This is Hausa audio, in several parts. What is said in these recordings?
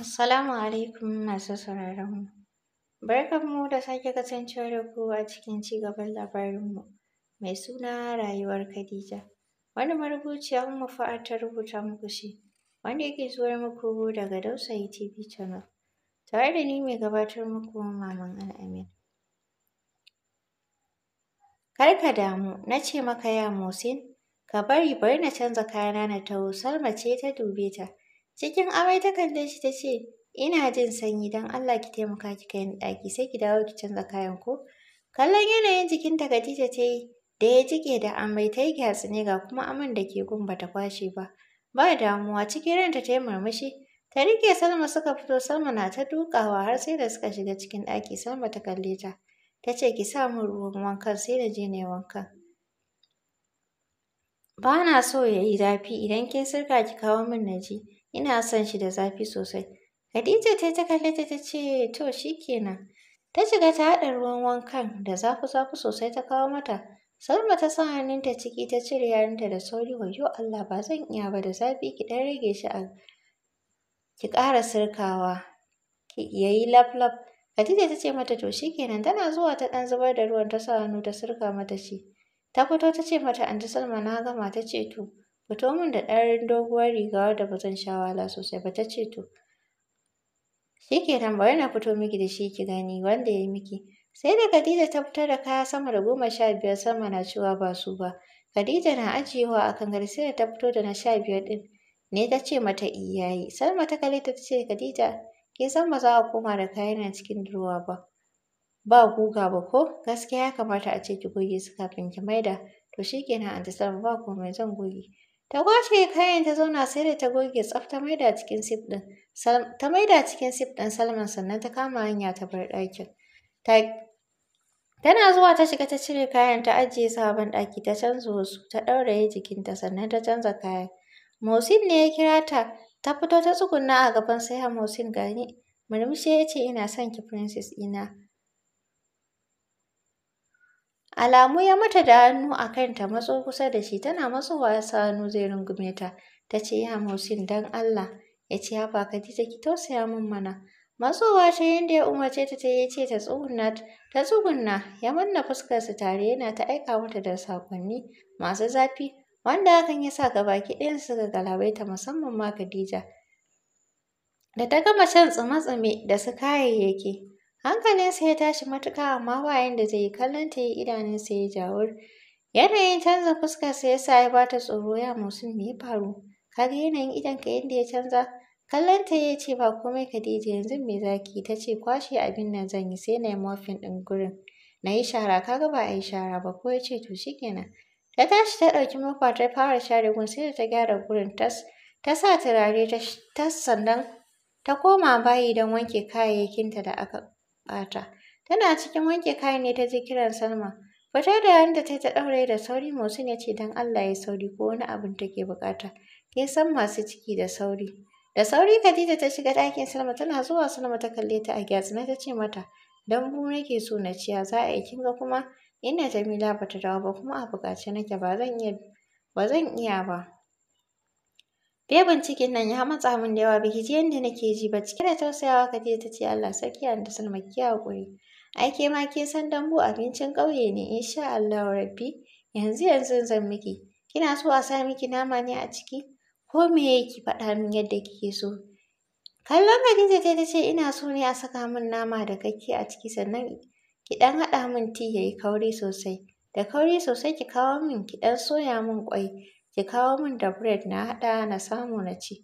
Assalamu alaikum masu sauraron mu. Barkanmu da sake kasancewa da ku a cikin ci cigaban labarinmu mai suna rayuwar Khadija. Wani marubuciyar mu Fa'ad ta rubuta muku shi wanda yake zuwar muku daga Dausayi TV Channel. Tare da ni mai gabatar muku Maman Al'amin. Kar ka damu, na ce maka ya Musin, ka bari bari na canza kayana na taho, Salma ce ta dube ta. Cikin amai ta kalle shi ta ce, ina jin sanyi don Allah ki taimaka ki kai ni ɗaki sai ki dawo ki canza kayan ko. Kallon yanayin ta Khadija ta yi da ya jike da amai ta yi gyatsu ne ga kuma aman da ke gun bata kwashe ba. Ba damuwa cikin ranta ta yi murmushi. Ta rike Salma suka fito Salma na ta dukawa har sai da suka shiga cikin ɗaki Salma ta kalle ta. Ta ce ki sa min ruwan wankan sai na je na yi wankan. Ba na so ya yi zafi idan kin sirka ki kawo min na ji. ina son shi da zafi sosai. Khadija ta ta kalle ta ta ce to shi kenan. Ta shiga ta haɗa ruwan wankan da zafi-zafi sosai ta kawo mata. Salma ta sa ta ciki ta cire yarinta da sauri wayo Allah ba zan iya ba da zafi ki ɗan rage shi a ki ƙara sirkawa yayi laflaf laf Khadija ta ce mata to shi kenan tana zuwa ta ɗan zubar da ruwan ta sa hannu ta sirka mata shi ta fito ta ce mata anti Salma na gama ta ce to Fito min da ɗan doguwar riga wadda ba zan sha wahala sosai ba ta ce to. Shi kenan bari na fito miki da shi ki gani wanda ya yi miki. Sai da Khadija ta fitar da kaya sama da goma sha biyar sama na cewa ba su ba. Khadija na ajiyewa a kan sai da ta fito da na sha biyar ɗin. Ne ta ce mata iyayi. Salma ta kalle ta ce Khadija ke san ba za a koma da kayan nan cikin durowa, ba. Ba guga ba ko? Gaskiya ya kamata a ce ki goge su kafin ki maida. To shi kenan ta Salma ba komai zan goge. Ta kwashe kayan ta zauna sai da ta goge tsaf ta maida cikin sif ɗin. Ta maida cikin sif ɗin Salman sannan ta kama hanya ta bar ɗakin. Ta Tana zuwa ta shiga ta cire kayan ta ajiye su a banɗaki ta canza wasu ta ɗauraye jikinta sannan ta canza kayan. Mohsin ne ya kira ta ta fito ta tsugunna a gaban sai Mohsin gani murmushi ya ce ina son ki princess ina Alamu ya mata da hannu a kanta matso kusa da shi tana matsowa ya sa hannu zai rungume ta. Ta ce ya Mausin dan Allah. Ya ce haba Khadija ki tausaya min mana. Matsowa ta yanda ya umarce ta ta yace ta tsuguna ta tsugunna ya manna su tare yana ta aika mata da sakonni masu zafi wanda hakan ya sa gabaki ɗayan ga galabaita musamman ma Khadija. Da ta gama shan tsume tsume da su kayayyaki, Hankalin Hankalinsa ya tashi matuka. amma ba yanda zai yi kallon ta yi idanunsa ya jawur. Yanayin canza fuskarsa ya sa ya ba tsoro ya musu me ya faru? Ka ga yanayin ka yadda ya canza? Kallon ta ya ce ba komai Khadija yanzu me za ki Ta ce kwashe abin nan zan yi sai na yi mofin ɗin gurin. Na yi shara ka ga ba a yi shara ba ko ya ce to shikenan. Ta tashi ta ɗauki mofa ta fara share gun sai da ta gyara gurin tas. Ta sa turare ta sannan ta koma bayi don wanke kayayyakinta da aka ɓata. Tana cikin wanke kayan ne ta ji kiran Salma. Fitar da da ta ta ɗaure da sauri Mohsin ya ce don Allah ya sauri ko wani abin take bukata. Ke san masu ciki da sauri. Da sauri Khadija ta shiga dakin Salma tana zuwa Salma ta kalle ta a gyatsina ta ce mata dambu nake so na ciya za a yi kin ga kuma ina Jamila bata dawo ba kuma a buƙace nake ba ba zan iya ba. Bebin cikin nan ya matsa min da yawa biki ji yadda nake ji ba cike da tausayawa Khadija ta ce Allah sarki an da salma ki hakuri. Ai ke ma ke san dambu abincin ƙauye ne insha Allah rabbi yanzu yanzu zan miki. Kina so a sa miki nama ne a ciki? Ko me ki faɗa min yadda kike so? Kallon Khadija ta ta ce ina so ne a saka min nama da kake a ciki sannan ki ɗan haɗa min ti yayi kauri sosai. Da kauri sosai ki kawo min ki ɗan soya min ƙwai. ki kawo min da bread na haɗa na samu na ci.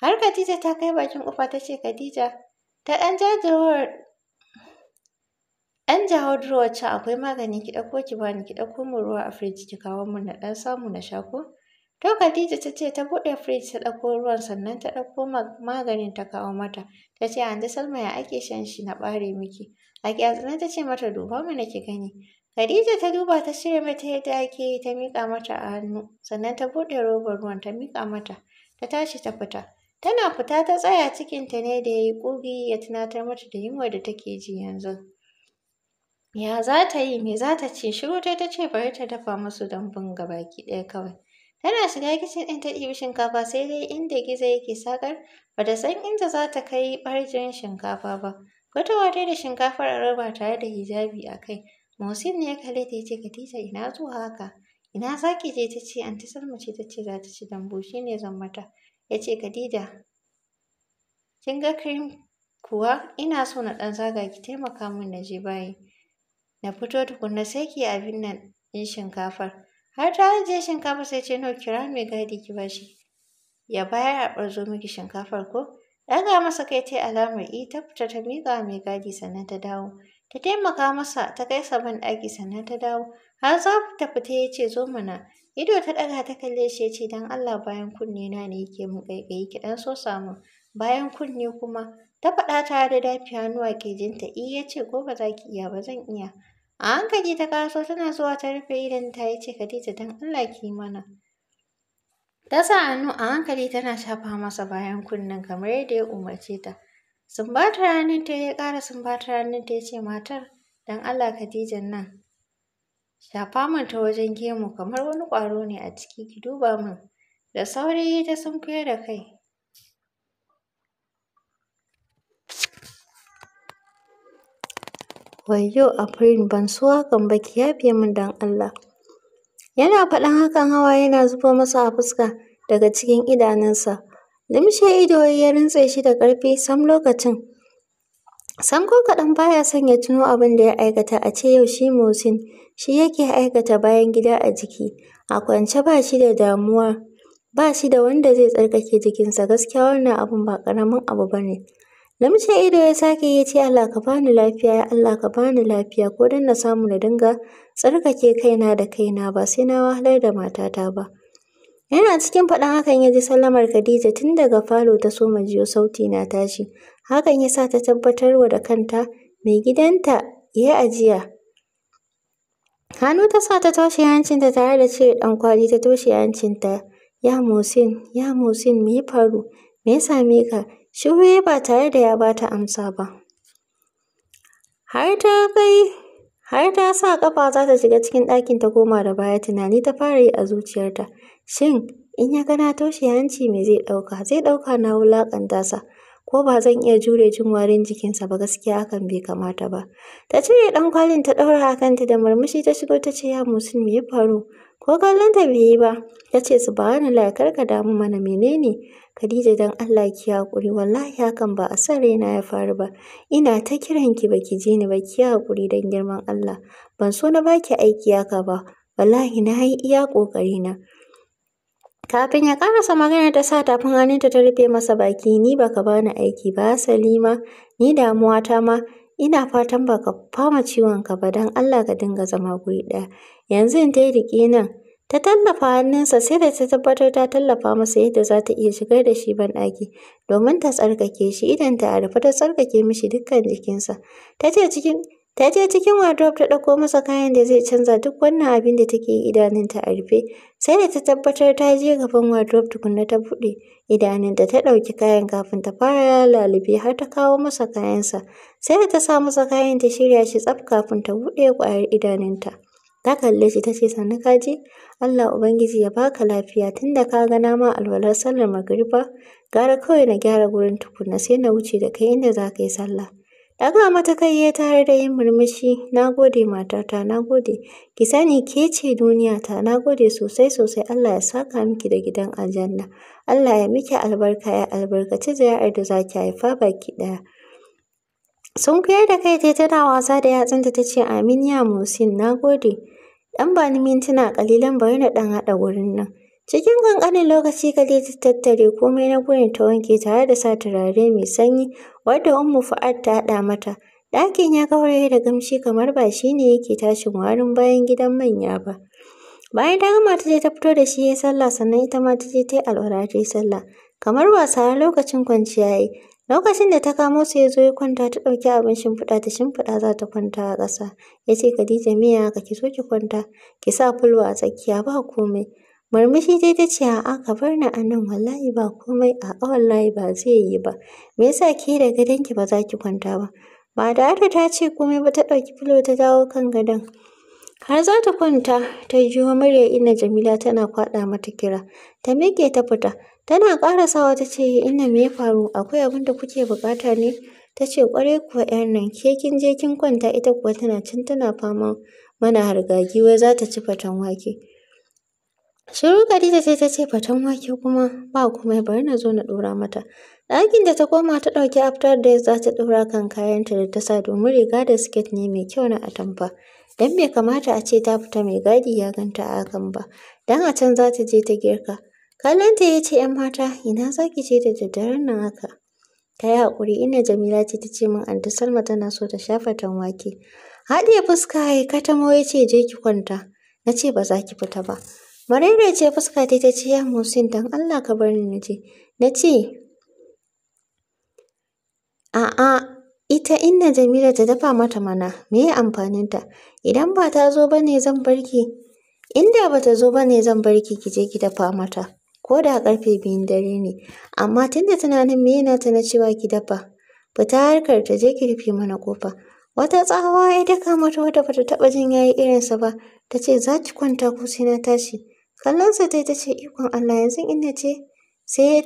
Har Khadija ta kai bakin ƙofa ta ce Khadija ta ɗan jajawar ɗan jawo durowar can akwai magani ki ɗauko ki bani ki ɗauko min ruwa a firiji ki kawo min na ɗan samu na sha ko. To Khadija ta ce ta buɗe firij ta ɗauko ruwan sannan ta ɗauko maganin ta kawo mata. Ta ce Anti Salma ya ake shan shi na ɓare miki. A ƙyatsine ta ce mata duba na ki gani. Khadija ta duba ta shirya mata yadda ake yi ta miƙa mata a hannu, sannan ta buɗe robar ruwan ta miƙa mata, ta tashi ta fita. Tana fita ta tsaya cikin ta ne da ya yi ƙugi ya tunatar mata da yunwar da take ji yanzu. Ya za ta yi, me za ta ce, shiru dai ta ce bari ta dafa musu dambun gabaki ɗaya kawai. Tana shiga kicin ɗin ta ɗibi shinkafa sai dai inda Gizo yake sakar, ba ta san inda za ta kai ɓarjin shinkafa ba. Fitowa dai da shinkafar a roba tare da hijabi a kai. Musin ne ya kalle ta yace ce Khadija ina zuwa haka? Ina za je ta ce anti Salma ce ta ce za ta ci dambu shine zan mata. yace ce Khadija kin ga cream kuwa ina so na ɗan zaga ki taimaka min na je bayi. Na fito tukunna sai ki abin nan in shinkafar. Har ta ajiye shinkafa sai ce no kira mai gadi ki bashi. Ya bayar a barzo miki shinkafar ko? Ɗaga masa kai ta alamar i eh, ta fita ta miƙa mai gadi sannan ta dawo. Ta taimaka masa ta kai sa banɗaki sannan ta dawo. Har za ta fita ya ce zo mana. Ido ta ɗaga ta kalle shi ya ce don Allah bayan kunne na ne yake min ƙaiƙayi ki ɗan so samu. Bayan kunne kuma ta faɗa ta da dafi hannuwa ƙirjinta i eh, ya ko ba za ki iya ba zan iya. A hankali ta kaso tana zuwa ta rufe idan ta ya ce Khadija don Allah ki mana. Ta sa hannu a hankali tana shafa masa bayan kunnen kamar yadda ya umarce ta. Sumbatar hannunta ya ƙara sumbatar hannunta ya ce matar don Allah Khadijan nan. Shafa min ta wajen gemu kamar wani ƙwaro ne a ciki ki duba min. Da sauri ta fiye da kai. Wayyo Afrin ban so hakan ba ki yafe min don Allah. Yana faɗan hakan hawa yana zuba masa a fuska daga cikin idanunsa. Limshe ido ya rintse shi da ƙarfi sam lokacin. Sam ko kaɗan baya son ya tuno abin da ya aikata a ce yau shi musin shi yake aikata bayan gida a jiki. A kwance ba shi da damuwa, ba shi da wanda zai tsarkake jikinsa gaskiya wannan abin ba ƙaramin abu ba ne. Limshe ido ya sake ya ce Allah ka bani lafiya ya Allah ka bani lafiya ko dan na samu na dinga tsarkake kaina da kaina ba sai na wahalar da matata ba. Yana cikin faɗin hakan ya ji sallamar Khadija tun daga falo ta soma jiyo sauti na tashi. Hakan ya sa ta tabbatarwa da kanta mai gidanta ya ajiya. Hannu ta sa ta toshe hancinta tare da cire ɗankwali ta toshe hancinta. Ya Musin, ya Musin me faru? Me ya same ka? shi huye ba tare da ya ba ta amsa ba. Har ta kai har ta sa ƙafa za ta shiga cikin ɗakin ta koma da baya tunani ta fara yi a zuciyarta. Shin in ya ga na toshe hanci me zai ɗauka? Zai ɗauka na wulaƙanta sa. Ko ba zan iya jure jin warin jikinsa ba gaskiya hakan bai kamata ba. Ta cire ɗan kwalin ta ɗaura a kanta da murmushi ta shigo ta ce ya musul me ya faru? Ko kallon ta bai yi ba. Ta ce subhanallah kar ka damu mana menene? Khadija dan Allah ki hakuri wallahi hakan ba a san raina ya faru ba. Ina ta kiran ki baki je ni ba ki hakuri dan girman Allah. Ban so na baki aiki haka ba. Wallahi na yi iya ƙoƙarina. Kafin ya karasa magana ta sa tafin hannunta ta rufe masa baki, ni baka bani aiki ba Salima, ni damuwa ta ma ina fatan baka fama ciwon ka ba don Allah ka dinga zama guri ɗaya. Yanzu in ta riƙe nan, ta tallafa hannunsa sai da ta tabbatar ta tallafa masa yadda za ta iya shigar da shi banɗaki domin ta tsarkake shi idan ta a rufe ta tsarkake mishi dukkan jikinsa. Ta ce cikin Ta je cikin wardrobe ta ɗauko masa kayan da zai canza duk wannan abin da take yi idanunta a rufe. Sai da ta tabbatar ta je gaban wardrobe tukunna ta buɗe idanunta ta ɗauki kayan kafin ta fara lalube har ta kawo masa kayansa. Sai da ta sa masa kayan ta shirya shi tsaf kafin ta buɗe ƙwayar idanunta. Ta kalle shi ta ce sannu ka je? Allah Ubangiji ya baka lafiya tunda ka ga na ma alwalar sallar magariba. Gara kawai na gyara gurin tukunna sai na wuce da kai inda za ka yi sallah. Daga mata kai ya tare da yin murmushi, na gode matata, na gode. Ki sani ke ce duniyata, na gode sosai sosai Allah ya saka miki da gidan aljanna. Allah ya miki albarka ya albarkaci ziyarar da zaki haifa baki ɗaya. Sun da kai ta tana wasa da yatsunta ta ce amin ya Musin, na gode. Ɗan ba ni mintuna ƙalilan bari na ɗan haɗa wurin nan. Cikin ƙanƙanin lokaci Khadija ta tattare komai na gurin ta wanke tare da sa turare mai sanyi wadda Ummu fa'ad ta haɗa mata. Ɗakin ya gauraye da gamshi kamar ba shi ne yake tashin warin bayan gidan manya ba. Bayan ta gama ta je ta fito da shi ya yi sallah sannan ita ma ta je ta yi alwala ta yi sallah. Kamar wasa har lokacin kwanciya ya yi. Lokacin da ta kamo su ya zo ya kwanta ta ɗauki abin shimfiɗa ta shimfiɗa za ta kwanta a ƙasa. Ya ce Khadija me ya haka ki zo ki kwanta ki sa fulwa a tsakiya ba komai. Murmushi dai ta ce a ka bar ni a nan wallahi ba komai a wallahi ba zai yi ba. Me yasa ke da gadonki ba za ki kwanta ba? Ba da Ada ta ce komai ba ta ɗauki filo ta dawo kan gadon. Har za ta kwanta ta jiyo murya Inna Jamila tana kwaɗa mata kira. Ta miƙe ta fita. Tana ƙarasawa ta ce Inna me ya faru akwai abin da kuke buƙata ne? Ta ce ƙwarai kuwa 'yar nan ke kin je kin kwanta ita kuwa tana can tana fama mana hargagi wai za ta ci faten wake. Shiru Khadija ce ta ce faten wake kuma ba komai bari na zo na ɗora mata. Ɗakin da ta koma ta ɗauki after days za ta dora kan kayanta da ta sa domin riga da siket ne mai kyau na atamfa. dan bai kamata a ce ta fita mai gadi ya ganta a hakan ba. Don a can za ta je ta girka. Kallonta ya ce ‘yan mata ina za ki je da daddaren nan haka. Ta yi haƙuri ina Jamila ce ta ce min anti Salma tana so ta sha faten wake. haɗiya fuska ya katamo ya ce je ki kwanta. Na ce ba za ki fita ba. Marere ce fuska ta ta ce, Ya Musin, don Allah ka bar ni na je. Na ce, A'a, ita inna Jamila ta dafa mata mana, me ya amfaninta? Idan ba ta zo ba ne zan barki ki. Inda ba ta zo ba ne zan bar ki je ki dafa mata. Ko da karfe biyun dare ne, amma tunda tana nan me yana ta na cewa ki dafa. Fita harkar ta je ki rufe mana kofa. Wata tsawa ya daka mata wadda bata taɓa jin ya yi irinsa ba, ta ce za ki kwanta ko sai na tashi. Kallonsa ta yi ta ce, ikon Allah yanzu in ce sai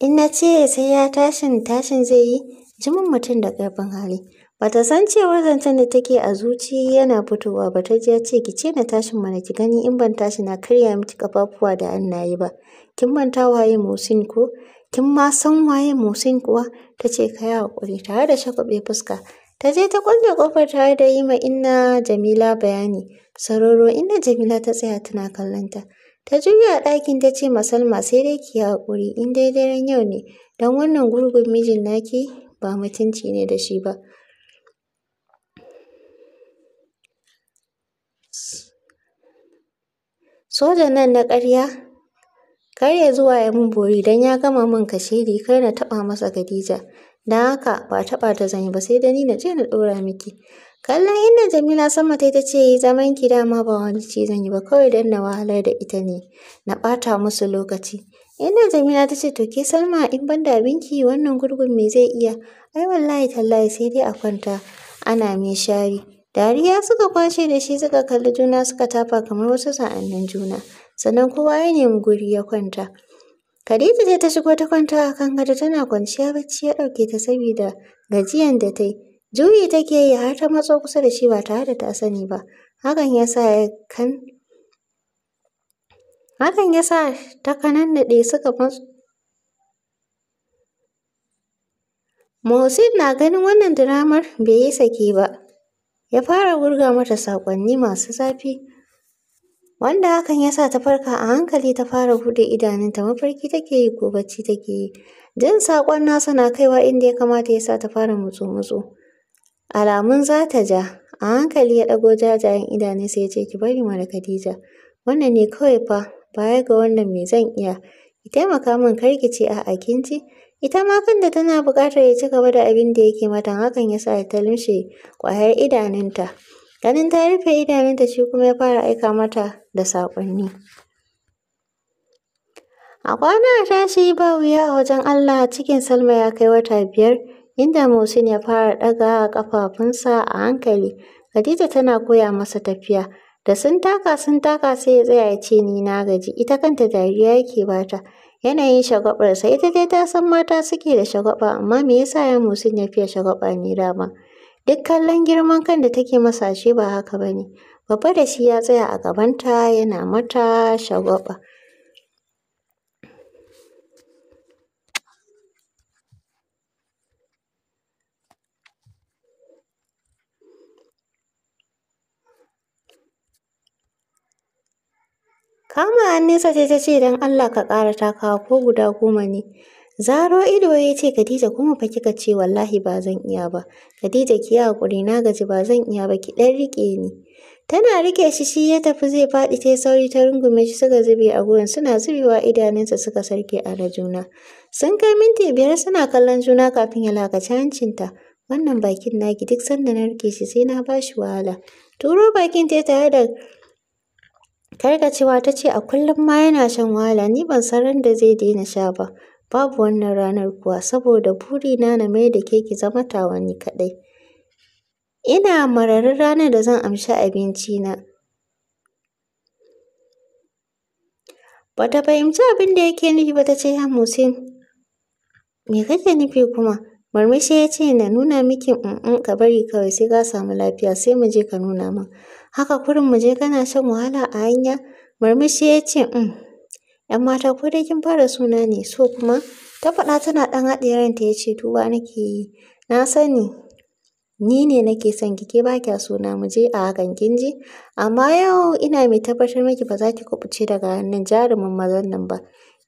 in na ce sai ya tashin tashin zai yi jimin mutum da karfin hali. Bata san cewar zancen da take a zuci yana fitowa ba ta ji ya ce ki ce na tashin mana ki gani in ban tashi na karya miki kafafuwa da an yi ba. Kin manta waye Musin ko? Kin ma san waye Musin kuwa? Ta ce ka yi haƙuri tare da shagwaɓe fuska. Ta je ta kulle ƙofar tare da yi ma inna Jamila bayani. Sororo inda Jamila ta tsaya tana kallonta. Ta juya a ɗakin ta ce ma Salma sai dai ki yi haƙuri in dai daren yau ne don wannan gurgun mijin naki ba mutunci ne da shi ba. soja nan na karya kar ya zuwa ya mun bori don ya gama min kashiri kar na taɓa masa Khadija. Don haka ba taɓa ta zan ba sai da ni na je na ɗora miki. Kallon inda Jamila sama ta ta ce zaman ki dama ba wani ci zan yi ba kawai don na wahalar da ita ne na ɓata musu lokaci. Inda Jamila ta ce to ke Salma in ban da abinki wannan gurgun me zai iya ai wallahi tallahi sai dai a kwanta ana mai shari. Dariya suka kwashe da shi suka kalli juna suka tafa kamar wasu sa'annin juna sannan kowa ya nemi guri ya kwanta. Khadija ce ta shigo ta kwanta a kan gado tana kwanciya bacci ya ɗauke ta saboda gajiyan da ta yi. Juyi take yi har ta matso kusa da shi ba tare da ta sani ba. Hakan ya sa ya kan Hakan ya sa ta kanannaɗe suka matso Mohsin na ganin wannan diramar bai yi sake ba. Ya fara wurga mata saƙonni masu zafi. Wanda hakan ya sa ta farka a hankali ta fara buɗe idanunta mafarki take yi ko bacci take yi. Jin saƙon nasa na kaiwa inda ya kamata ya sa ta fara mutsu-mutsu. Alamun za ta ja, a hankali ya ɗago jajayen idanunsa ya ce ki bari mana Khadija, wannan ne kawai fa, baya ga wannan me zan iya, ki taimaka min kar ki ce a'a kin ci. Ita ma kan da tana buƙatar ya ci gaba da abin da yake mata hakan ya sa ta lumshe ƙwayar idanunta. Ganin ta rufe idanunta shi kuma ya fara aika mata da saƙonni. A kwana a tashi ba wuya a wajen Allah cikin Salma ya kai wata biyar inda musin ya fara ɗaga a ƙafafunsa a hankali. Khadija tana koya masa tafiya. Da sun taka sun taka sai ya tsaya ya ce ni na gaji, ita kanta dariya yake bata. Yanayin shagwabarsa ita dai ta san mata suke da shagwaba amma me yasa ya musin ya fiye shagwaba ne dama. Duk kallon girman kan da take masa ashe ba haka ba ne. Babba da shi ya tsaya a gabanta yana mata shagwaba. Kama hannunsa sai ta ce don Allah ka ƙara takawa ko guda goma ne. Zaro ido ya ce Khadija kuma fa kika ce wallahi ba zan iya ba. Khadija ki yi hakuri na gaji ba zan iya ba ki ɗan rike ni. Tana rike shi shi ya tafi zai faɗi ta sauri ta rungume shi suka zube a gurin suna zubewa idanunsa suka sarke a da juna. Sun kai minti biyar suna kallon juna kafin ya lakaci hancinta. Wannan bakin naki duk sanda na rike shi sai na bashi wahala. Turo bakin ta tare da cewa ta ce a kullum ma yana shan wahala, ni ban san ran da zai daina sha ba. Babu wannan ranar kuwa, saboda burina na mai da ke zama tawa ni kaɗai. Ina mararin ranar da zan amshi abincina. Ba ta fahimci abin da yake nufi ba ta ce, ya me kake nufi kuma? Murmushi ya ce na nuna miki in ka bari kawai sai ka samu lafiya sai mu je ka nuna min. Haka kurin mu je kana shan wahala a hanya? Murmushi ya ce in. Mm. ‘Yan mata ko dai kin fara suna ne so kuma? Ta faɗa tana ɗan yaran ranta ya ce duba nake yi. Na sani ni ne nake son ki ke ba kya suna mu je a hakan kin ji? Amma yau ina mai tabbatar miki ba za ki kuɓuce daga hannun jarumin mazan nan ba.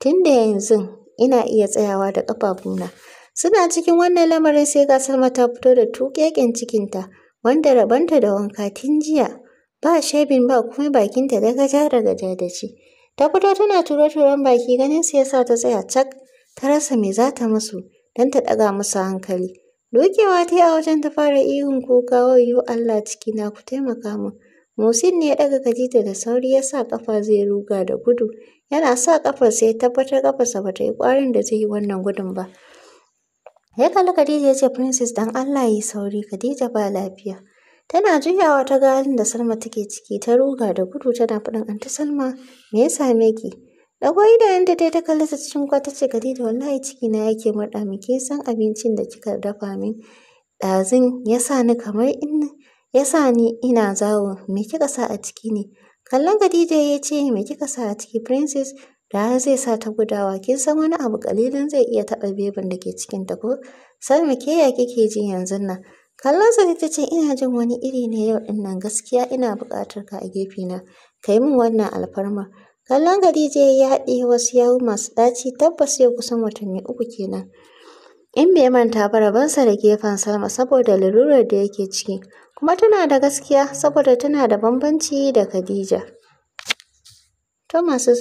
Tun yanzu ina iya tsayawa da ƙafafuna. Suna cikin wannan lamarin sai ga Salma ta fito da tuƙeƙen cikinta wanda rabanta da wanka tun jiya. Ba shebin ba kuma bakinta da gaja da gaja da ce. Ta fito tana turo turon baki ganin su yasa ta tsaya cak ta rasa me za ta musu don ta ɗaga musu hankali. Dokewa ta yi a wajen ta fara ihun kuka wayyo Allah cikina ku taimaka min. Musin ne ya ɗaga Khadija da sauri ya sa ƙafa zai ruga da gudu. Yana sa ƙafar sai ya tabbatar ƙafarsa ba ta yi ƙwarin da zai yi wannan gudun ba. Ya kalli Khadija ya ce Princess dan Allah yi sauri Khadija ba lafiya. Tana juyawa ta ga halin da Salma take ciki ta ruga da gudu tana faɗin anti Salma me yasa same ki? Dago idan ta ta kalli ta cikin ta ce Khadija wallahi ciki na yake murɗa mu ke san abincin da kika dafa min. Ɗazun ya sa ni kamar in ya sa ni ina zawo me kika sa a ciki ne? Kallon Khadija ya ce me kika sa a ciki Princess da har zai sa ta gudawa kin san wani abu kalilin zai iya taɓa bebin da ke cikin ta ko salma ke ya kike ji yanzu nan kallon sa ta ce ina jin wani iri ne yau din nan gaskiya ina buƙatar ka a gefe na kai min wannan alfarma kallon Khadija ya haɗe wasu yawu masu ɗaci tabbas yau kusan watanni uku kenan in bai manta ba rabansa da gefen Salma saboda lalurar da yake ciki kuma tana da gaskiya saboda tana da bambanci da Khadija To masu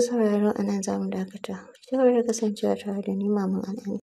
sauraro a nan za mu dakata. Ci da kasancewa tare da ni Maman Al'ani.